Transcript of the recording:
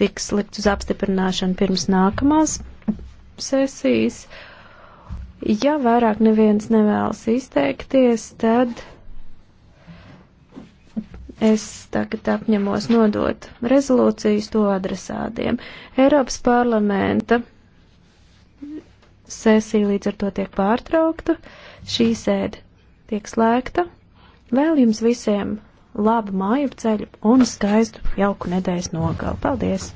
tiks likt uz apstiprināšanu pirms nākamās sesijas. Ja vairāk neviens nevēlas izteikties, tad es tagad apņemos nodot rezolūcijas to adresādiem. Eiropas parlamenta sesija līdz ar to tiek pārtraukta, šī sēde tiek slēgta. Vēl jums visiem labu māju ceļu un skaistu jauku nedēļas nogalu. Paldies!